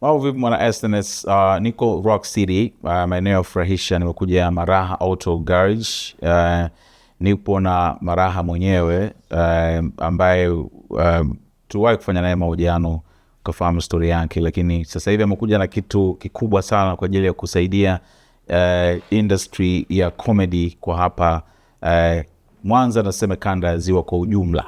Mambo vipi mwana SNS? Uh, ah, niko Rock City, uh, maeneo ya furahisha, Nimekuja Maraha Auto Garage. Uh, nipo na Maraha mwenyewe uh, ambaye uh, tuwahi kufanya naye mahojiano kafahamu stori yake, lakini sasa hivi amekuja na kitu kikubwa sana kwa ajili ya kusaidia uh, industry ya comedy kwa hapa uh, Mwanza, nasema kanda ya ziwa kwa ujumla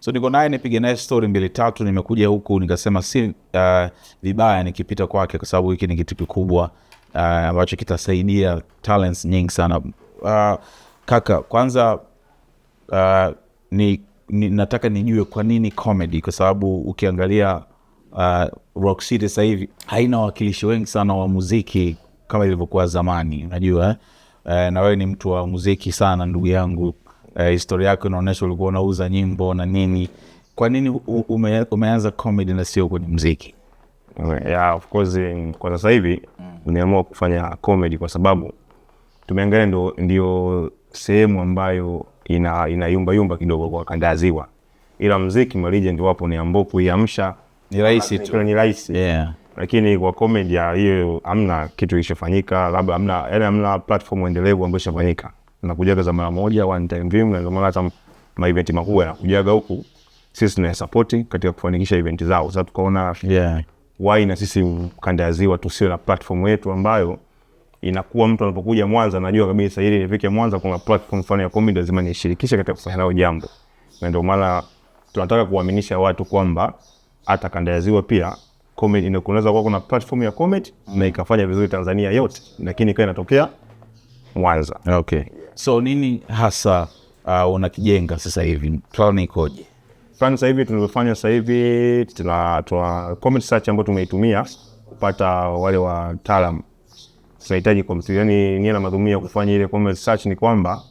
so niko naye nipige naye stori mbili tatu. Nimekuja huku nikasema si uh, vibaya nikipita kwake, kwa sababu hiki ni kitu kikubwa uh, ambacho kitasaidia talents nyingi sana uh, kaka. Kwanza uh, ni, ni, nataka nijue kwa nini comedy, kwa sababu ukiangalia uh, Rock City sasa hivi haina wawakilishi wengi sana wa muziki kama ilivyokuwa zamani, unajua eh? Uh, na wewe ni mtu wa muziki sana ndugu yangu uh, historia yako inaonyesha ulikuwa unauza nyimbo na nini. Kwa nini ume, umeanza comedy na sio kwenye mziki? Yeah, of course, eh, kwa sasa hivi mm. kufanya comedy kwa sababu tumeangalia ndio, ndio sehemu ambayo ina, ina yumba yumba kidogo kwa kanda ya Ziwa, ila mziki Malija ndio wapo ni ambapo kuiamsha ni rahisi tu, ni rahisi yeah. Lakini kwa comedy hiyo amna kitu kilichofanyika, labda amna yani hamna platform endelevu ambayo ishafanyika nakujaga za mara moja one time na hata makubwa yanakujaga huku, sisi tuna katika kufanikisha zao. Sasa tukaona yeah, na sisi kanda ya ziwa tusiwe na platform yetu ambayo inakuwa mtu anapokuja Mwanza anajua kabisa ili nifike Mwanza kuna platform fulani ya comedy lazima nishirikishe katika kufanya nao jambo, na ndio maana tunataka kuaminisha watu kwamba hata kanda ya ziwa pia comedy kuwa kuna platform ya comedy na ikafanya vizuri Tanzania yote, lakini ikawa inatokea Mwanza. Okay. So nini hasa uh, unakijenga sasa hivi plan ikoje? Plan sasa hivi tulivyofanya sasa hivi tunatoa comment search ambayo tumeitumia kupata wale wataalamu tunahitaji comedy. Yani nia na madhumuni ya kufanya ile comment search ni kwamba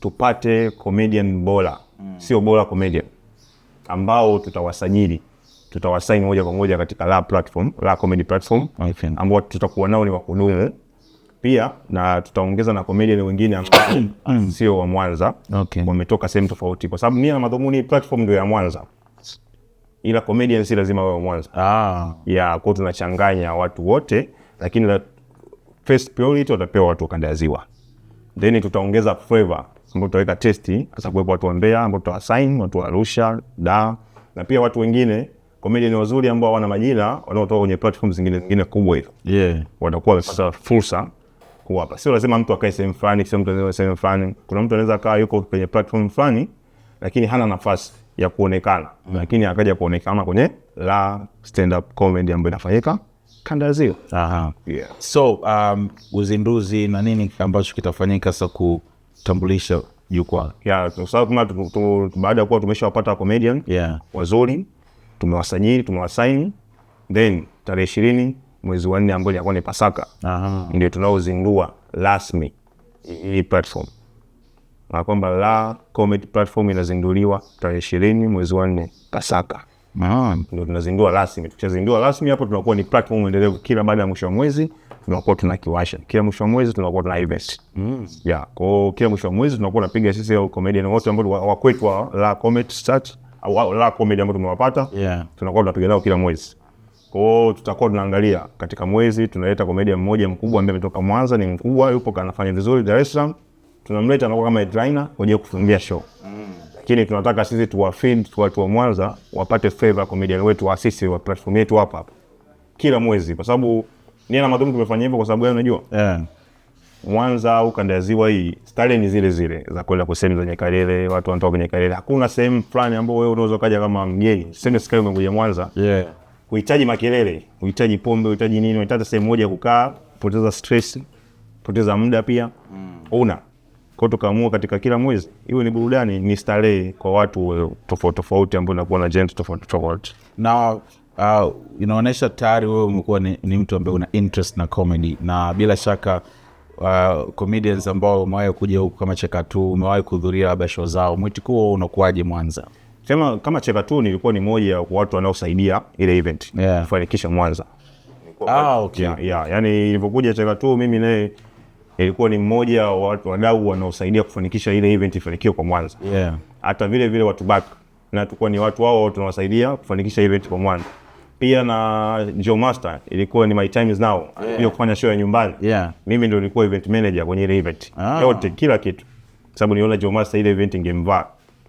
tupate comedian bora, mm. sio bora comedian ambao tutawasajili tutawasaini moja kwa moja katika la platform la comedy platform ambao tutakuwa nao ni wakununu pia na tutaongeza na comedian wengine ambao mm. sio wa Mwanza okay. Wametoka sehemu tofauti, kwa sababu nia na madhumuni platform ndio ya Mwanza, ila comedian si lazima wawe Mwanza ah. ya kwao tunachanganya watu wote, lakini la first priority watapewa watu wa kanda ya Ziwa, then tutaongeza flavor ambao tutaweka testi, hasa kuwepo watu wa Mbeya ambao tutawasign watu wa Arusha da na pia watu wengine comedian wazuri ambao wana majina wanaotoka kwenye platform zingine zingine kubwa hizo, yeah wanakuwa wamepata fursa kuwapa. Sio lazima mtu akae sehemu fulani, sio mtu anaweza sehemu fulani. Kuna mtu anaweza kaa yuko kwenye platform fulani lakini hana nafasi ya kuonekana. Mm. Lakini akaja kuonekana kwenye la stand up comedy ambayo inafanyika kanda zio. Aha. Yeah. So um, uzinduzi na nini ambacho kitafanyika sasa kutambulisha jukwaa? Yeah, kwa kama baada ya kuwa tumeshawapata comedian yeah, wazuri tumewasajili, tumewasaini then tarehe ishirini mwezi wa nne ambao ilikuwa ni Pasaka, ndio tunaozindua rasmi hii platform na kwamba la Comet platform inazinduliwa tarehe ishirini mwezi wa nne Pasaka, ndio tunazindua rasmi. Tukishazindua rasmi hapo tunakuwa ni platform endelevu, kila baada ya mwisho wa mwezi tunakuwa tunakiwasha, kila mwisho wa mwezi tunakuwa tuna event mm. yeah. Kwa kila mwisho wa mwezi tunakuwa tunapiga sisi au comedian wote ambao wakwetu wa la Comet start au la comedy ambao tumewapata yeah. tunakuwa tunapiga nao kila mwezi kwao tutakuwa tunaangalia katika mwezi, tunaleta komedia mmoja mkubwa ambaye ametoka Mwanza, ni mkubwa, yupo kanafanya vizuri Dar es Salaam, tunamleta anakuwa kama headliner kuja kufungia show mm. Lakini tunataka sisi tuwafeed watu wa Mwanza wapate favor comedian wetu wa sisi wa platform yetu hapa hapa kila mwezi, kwa sababu ni na madhumuni tumefanya hivyo kwa sababu gani? Unajua yeah. Mwanza au kanda ya ziwa hii stare ni zile zile za kwenda kusema zenye kalele, watu wanatoka kwenye kalele, Hakuna sehemu fulani ambayo wewe unaweza kaja kama mgeni sema, sikai umekuja Mwanza yeah Uhitaji makelele, uhitaji pombe, uhitaji nini, unahitaji sehemu moja kukaa, poteza stress, poteza muda pia. Mm. Una. Kwa tukaamua katika kila mwezi iwe ni burudani, ni starehe kwa watu tofauti tofauti ambao nakuwa na gente tofauti tofauti. Na uh, inaonyesha tayari wewe umekuwa ni, ni mtu ambaye una interest na comedy na bila shaka uh, comedians ambao umewahi kuja huku kama Cheka Tu, umewahi kuhudhuria labda show zao, mwitikuo unakuwaje Mwanza? sema kama Cheka tu nilikuwa ni moja ya watu wanaosaidia ile event yeah. kufanikisha Mwanza. Ah, okay. Yeah, yeah. Yani ilivyokuja Cheka tu mimi naye ilikuwa ni mmoja wa watu wadau wanaosaidia kufanikisha ile event ifanikiwe kwa Mwanza. Yeah. Hata vile vile watu back na tulikuwa ni watu wao tunawasaidia kufanikisha event kwa Mwanza. Pia na Joe Master ilikuwa ni my time is now. Yeah. Pia kufanya show ya nyumbani. Yeah. Mimi ndio nilikuwa event manager kwenye ile event. Ah. Yote kila kitu. Sababu niona Joe Master ile event ingemvaa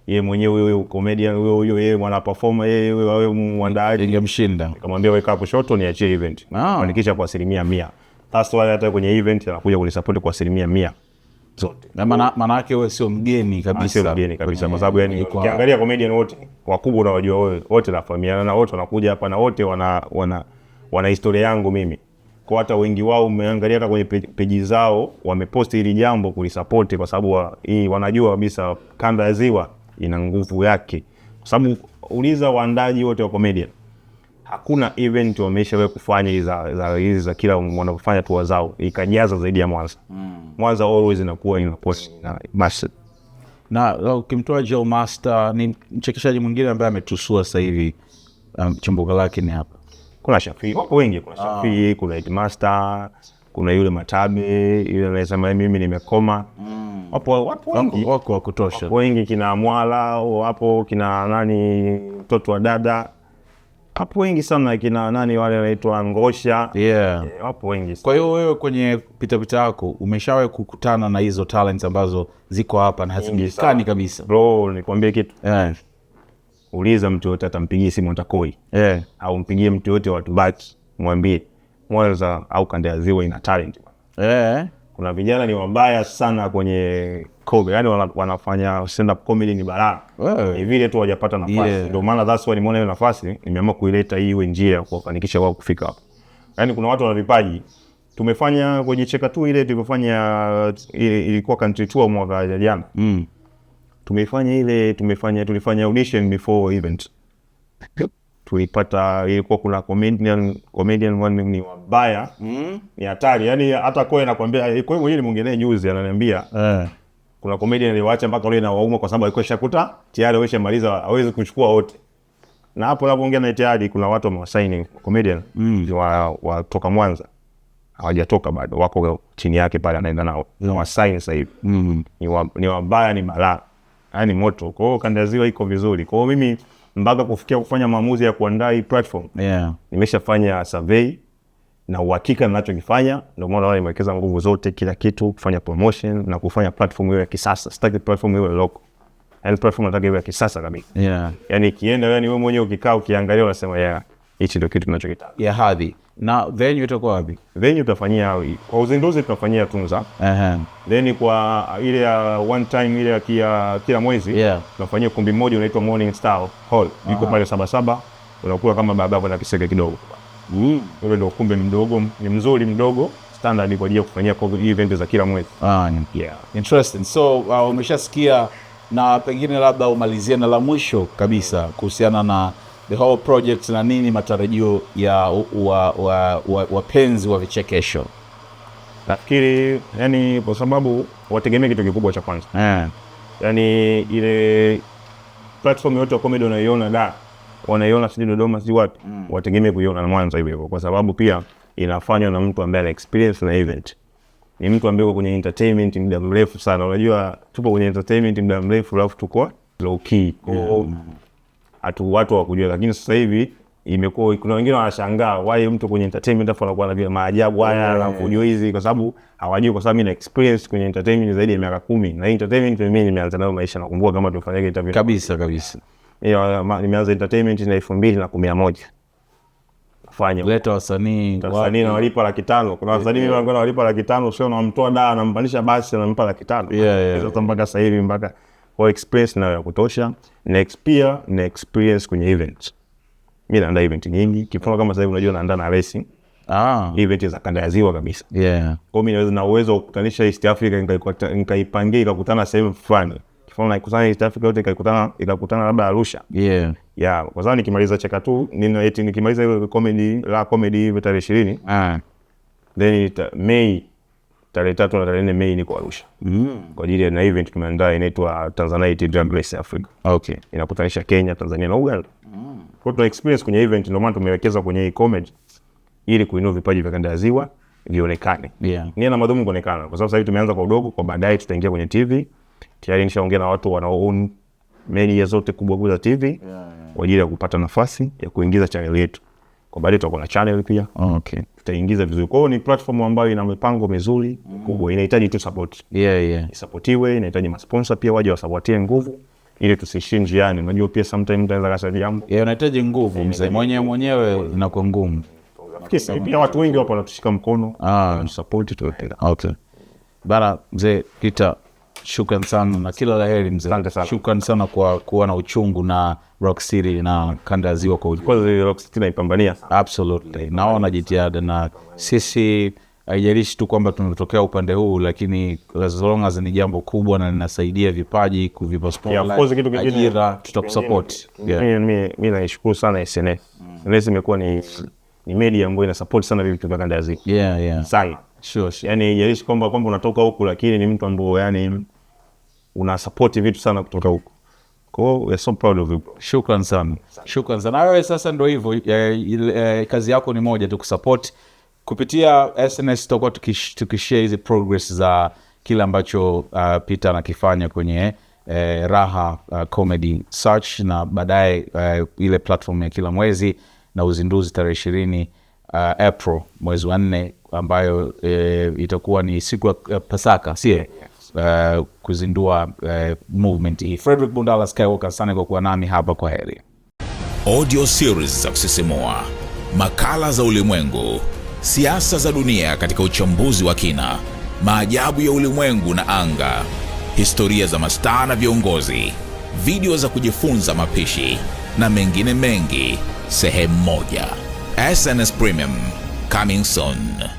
yeye mwenyewe huyo comedian huyo huyo yeye mwana performer yeye huyo wewe mwandaaji ingemshinda. Nikamwambia weka hapo shoto, niachie event, ah, fanikisha kwa asilimia mia. That's why hata kwenye event anakuja kunisupport kwa asilimia mia zote, na maana maana yake wewe sio mgeni ah, kabisa, sio mgeni kabisa, kwa sababu yani ukiangalia comedian wote wakubwa unawajua wewe, wote nafahamiana na wote wanakuja hapa na wote wana wana wana historia yangu mimi kwa hata wengi wao umeangalia hata kwenye peji zao wameposti hili jambo kulisapoti, kwa sababu wa, wanajua kabisa kanda ya ziwa ina nguvu yake, kwa sababu uliza waandaji wote wa komedia, hakuna event wameshawahi kufanya hizi za, za, za kila wanapofanya tua zao ikajaza zaidi ya Mwanza. mm. Mwanza always inakuwa inapost na master na ukimtoa Joe Master ni mchekeshaji mwingine ambaye ametusua sasa hivi um, chimbuko lake ni hapa. Kuna Shafii, wapo wengi, kuna Shafii, ah. kuna Edmaster, kuna yule Matabe yule anasema mimi nimekoma mm. Mm. wapo wengi, wako wa kutosha, wapo wengi, kina Mwala wapo, kina nani, mtoto wa dada hapo wengi sana, kina nani wale wanaitwa Ngosha, yeah. Eh, wapo wengi sana. Kwa hiyo wewe kwenye pitapita yako umeshawahi kukutana na hizo talent ambazo ziko hapa na hazijulikani kabisa? Bro, nikwambie kitu yeah. Uliza mtu yote, atampigia simu Atakoi yeah. au mpigie mtu yote wa mwambie Mwanza au kanda ya Ziwa ina talent yeah kuna vijana ni wabaya sana kwenye Kobe, yani wanafanya stand up comedy ni balaa ni vile tu hawajapata nafasi yeah. Ndio maana that's why nimeona hiyo nafasi nimeamua kuileta hii iwe njia ya kuwafanikisha wao kufika hapo. Yani kuna watu wana vipaji, tumefanya kwenye cheka tu ile tulivyofanya, uh, ilikuwa country tour mwaka jana mm. tumefanya ile tumefanya tulifanya audition before event tulipata ilikuwa kuna comedian comedian one ni wabaya mm. ni hatari yani, hata kwa nakwambia eh, kwa hiyo ni mwingine juzi ananiambia eh. kuna comedian aliwaacha mpaka wale na wauma, kwa sababu alikuwa shakuta tayari ameshamaliza, hawezi kuchukua wote. Na hapo unapoongea na tayari kuna watu wamewasaini comedian mm. wa, wa toka Mwanza hawajatoka bado, wako chini yake pale, anaenda nao mm. sign sasa hivi mm. ni, wa, ni wabaya, ni malaa yani moto. Kwa hiyo kanda iko vizuri. Kwa hiyo mimi mpaka kufikia kufanya maamuzi ya kuandaa hii platform yeah. Nimeshafanya survey na uhakika ninachokifanya, ndio maana nimewekeza nguvu zote, kila kitu, kufanya promotion na kufanya platform hiyo ya kisasa. Sitaki platform hiyo loko, yani platform nataka iwe ya kisasa kabisa yeah. Yani ikienda, yani wewe mwenyewe ukikaa ukiangalia, unasema yeah, hichi ndio kitu tunachokitaka ya hadhi na then itakuwa wapi? Then utafanyia kwa uzinduzi tunafanyia Tunza. Uh-huh. Then kwa ile ya one time ile ya kia, kila mwezi yeah. tunafanyia kumbi moja unaitwa Morning Star Hall. Uh-huh. Iko pale saba saba unakula kama baba na kisege kidogo. Mm. Ule ndio kumbi mdogo, ni mzuri mdogo standard kwa ajili ya kufanyia event za kila mwezi. Ah, yeah. Interesting. So uh, umeshasikia na pengine labda umalizie na la mwisho kabisa kuhusiana na the whole project na nini matarajio ya wapenzi wa, wa, wa, wa vichekesho? Nafikiri yani, kwa sababu wategemea kitu kikubwa cha kwanza yeah. Yani ile platform yote ya comedy unaiona da wanaiona sijui Dodoma si watu mm. wategemee kuiona na Mwanza hivyo kwa sababu pia inafanywa na mtu ambaye ana experience na event. Ni mtu ambaye kwenye entertainment muda mrefu sana. Unajua tupo kwenye entertainment muda mrefu, alafu tuko low key yeah hatu watu hawakujua, lakini sasa hivi imekuwa kuna wengine wanashangaa why mtu kwenye entertainment afu anakuwa na vile maajabu haya yeah, alafu kujua hizi, kwa sababu hawajui, kwa sababu mimi na experience kwenye entertainment zaidi ya miaka kumi na entertainment mimi nimeanza nayo maisha, nakumbuka kama tulifanyaga interview kabisa kabisa, hiyo nimeanza entertainment na elfu mbili na kumi na moja fanya leta wasanii wasanii na walipa laki tano kuna eh, wasanii eh. mimi walipa laki tano sio, namtoa daa nampandisha basi, anampa laki tano sasa mpaka sasa hivi mpaka kwa experience nayo ya kutosha na pia na experience kwenye event. Mimi naandaa event nyingi, kifungo kama sasa hivi unajua naandaa na racing. Ah, event za kanda ya ziwa kabisa. Yeah. Kwa mimi naweza na uwezo kukutanisha East Africa nikaipangia ikakutana sehemu fulani. Kifano nakusanya East Africa yote ikakutana ikakutana labda Arusha. Yeah. Yeah, kwa sababu nikimaliza cheka tu nina eti nikimaliza ile comedy la comedy hiyo tarehe 20. Ah. Then it may tarehe tatu na tarehe nne Mei niko Arusha mm. kwa ajili ya na event tumeandaa inaitwa Tanzanite Drag Race Africa. Okay. Inakutanisha Kenya, Tanzania na Uganda mm. kwa tuna experience kwenye event, ndio maana tumewekeza kwenye hii comedy ili kuinua vipaji vya kanda ya ziwa vionekane. Yeah. Nia na madhumuni kuonekana, kwa sababu sasa hivi tumeanza kwa udogo, kwa baadaye tutaingia kwenye TV. Tayari nishaongea na watu wanao own media zote kubwa kubwa za TV kwa yeah, yeah. ajili ya kupata nafasi ya kuingiza channel yetu kwa baadaye tutakuwa na channel pia. Oh, okay. Tutaingiza vizuri. Kwa hiyo ni platform ambayo ina mipango mizuri kubwa. Inahitaji tu support. Yeah, yeah. Isapotiwe, inahitaji masponsa pia waje wasapotie nguvu ili tusishie njiani. Unajua pia sometimes unaweza kasa jambo. Yeah, unahitaji nguvu eh, mzee. Mwenyewe mwenyewe inakuwa ngumu. Pia watu wengi wapo wanatushika mkono. Ah, support tu. Okay. Bara mzee Peter Shukran sana na kila la heri mzee. sana. kwa kuwa na uchungu na Rock City na kanda ya ziwa kwa Naona jitihada na sisi haijalishi tu kwamba tumetokea upande huu, lakini as ni jambo kubwa na linasaidia vipaji kuvipa ajira, Mi naishukuru sana SNA. Mm. SNA imekuwa ni ni media ambayo inasapoti sana vitu vya kanda ya ziwa. Yani haijalishi kwamba kwamba unatoka huku, lakini ni mtu ambao yani unasapoti vitu sana kutoka huko. so Shukran sana, shukran sana. Wewe sasa ndo hivyo eh, kazi yako ni moja tu kusupport kupitia SNS, tutakuwa tukishia hizi progress za kile ambacho uh, ah, pite anakifanya kwenye eh, Raha uh, Comedy Search na baadaye uh, ile platform ya kila mwezi na uzinduzi tarehe ishirini uh, April mwezi wa nne ambayo eh, itakuwa ni siku ya uh, Pasaka, sie yeah, uh, kuzindua uh, movement hii. Frederick Bundala Skywalker, asante kwa kuwa nami hapa, kwa heri. Audio series za kusisimua, makala za ulimwengu, siasa za dunia katika uchambuzi wa kina, maajabu ya ulimwengu na anga, historia za mastaa na viongozi, video za kujifunza mapishi na mengine mengi, sehemu moja. SNS Premium coming soon.